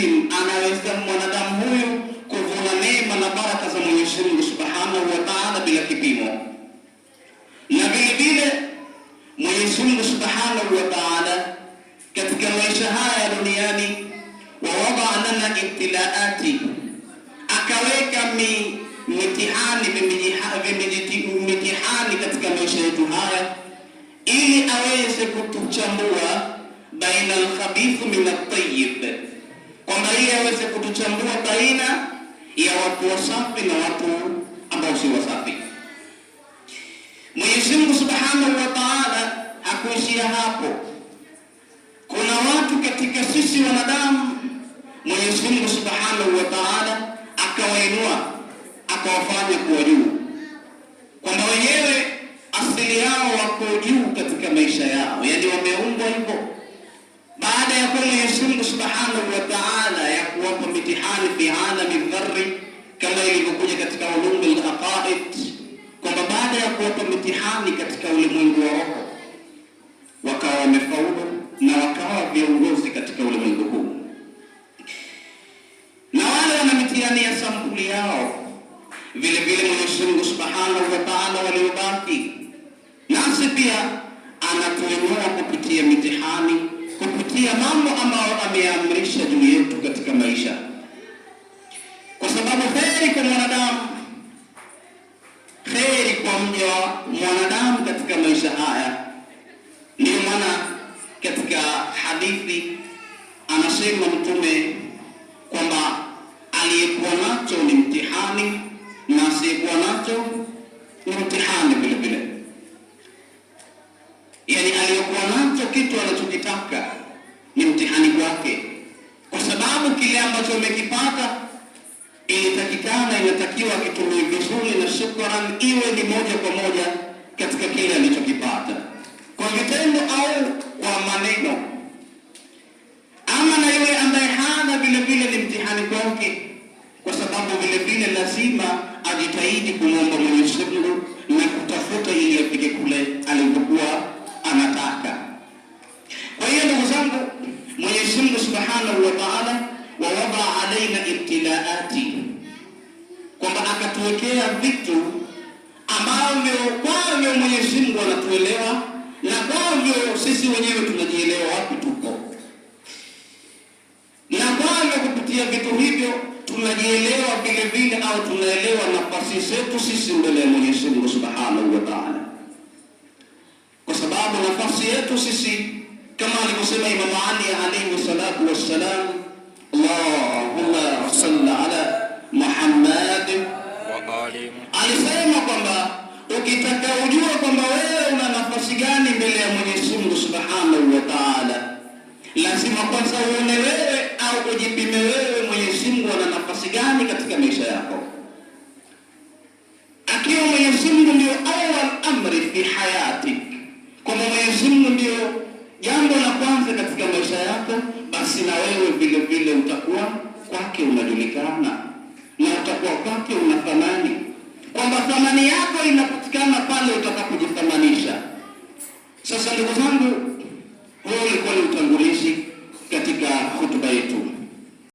muhkim anaweza mwanadamu huyu kuvuna neema na baraka za Mwenyezi Mungu Subhanahu wa Ta'ala bila kipimo, na vile vile Mwenyezi Mungu Subhanahu wa Ta'ala katika maisha haya ya duniani, wa wadaa lana ibtilaati, akaweka mi mitihani vimijitihani katika maisha yetu haya ili aweze kutuchambua baina alkhabithu min altayib kwamba ili aweze kutuchambua baina ya watu wasafi na watu ambao si wasafi. Mwenyezi Mungu Subhanahu wa Ta'ala hakuishia hapo. Kuna watu katika sisi wanadamu Mwenyezi Mungu Subhanahu wa Ta'ala akawainua akawafanya kuwa juu, kwamba wenyewe asili yao wako juu katika maisha yao, yaani wameumbwa hivyo baada ya Mwenyezi Mungu Subhanahu wa Ta'ala ya kuwapa mitihani fi alami dharri, kama ilivyokuja katika ulumul aqaid, kwamba baada ya kuwapa mitihani katika ulimwengu wa roho wakawa wamefaulu na wakawa viongozi katika ulimwengu huu, na wale wana mitihani ya sampuli yao vile vile Mwenyezi Mungu Subhanahu wa Ta'ala waliobaki nasi pia anatuinua kupitia mitihani kupitia mambo ambayo ameamrisha juu yetu katika maisha, kwa sababu heri kwa mwanadamu, heri kwa mja mwanadamu katika maisha haya. Ndiyo maana katika hadithi anasema Mtume kwamba aliyekuwa nacho ni mtihani na asiyekuwa nacho ni mtihani vile vile, yani aliyekuwa nacho kitu unachokitaka ni mtihani wake, kwa sababu kile ambacho umekipata ilitakikana, inatakiwa kitumii vizuri na shukran iwe ni moja kwa moja katika kile alichokipata kwa vitendo au kwa maneno. Ama na yule ambaye hana vile vile, ni mtihani kwake, kwa sababu vile vile lazima ajitahidi kumwomba Mwenyezi Mungu na kutafuta ili afike kule subhanahu wa ta'ala, wa wada alaina ibtilaati, kwamba akatuwekea vitu ambavyo kwavyo Mwenyezi Mungu anatuelewa na kwavyo sisi wenyewe tunajielewa wapi tuko, na kwavyo kupitia vitu hivyo tunajielewa vile vile, au tunaelewa nafasi zetu sisi mbele ya Mwenyezi Mungu subhanahu wa ta'ala, kwa sababu nafasi yetu sisi kama alivyosema Imam Ali alayhi salatu wassalam, Allahumma salli ala Muhammad wa ali. Alisema kwamba ukitaka ujua kwamba wewe una nafasi gani mbele ya Mwenyezi Mungu Subhanahu wa Ta'ala, lazima kwanza uone wewe au ujipime wewe, Mwenyezi Mungu ana nafasi gani katika maisha yako, akiwa Mwenyezi Mungu ndio awal amri fi hayati, kwamba Mwenyezi Mungu jambo la kwanza katika maisha yako, basi na wewe vile vile utakuwa kwake unajulikana na utakuwa kwake unathamani kwamba thamani yako inapatikana pale utakapojithamanisha. Sasa ndugu zangu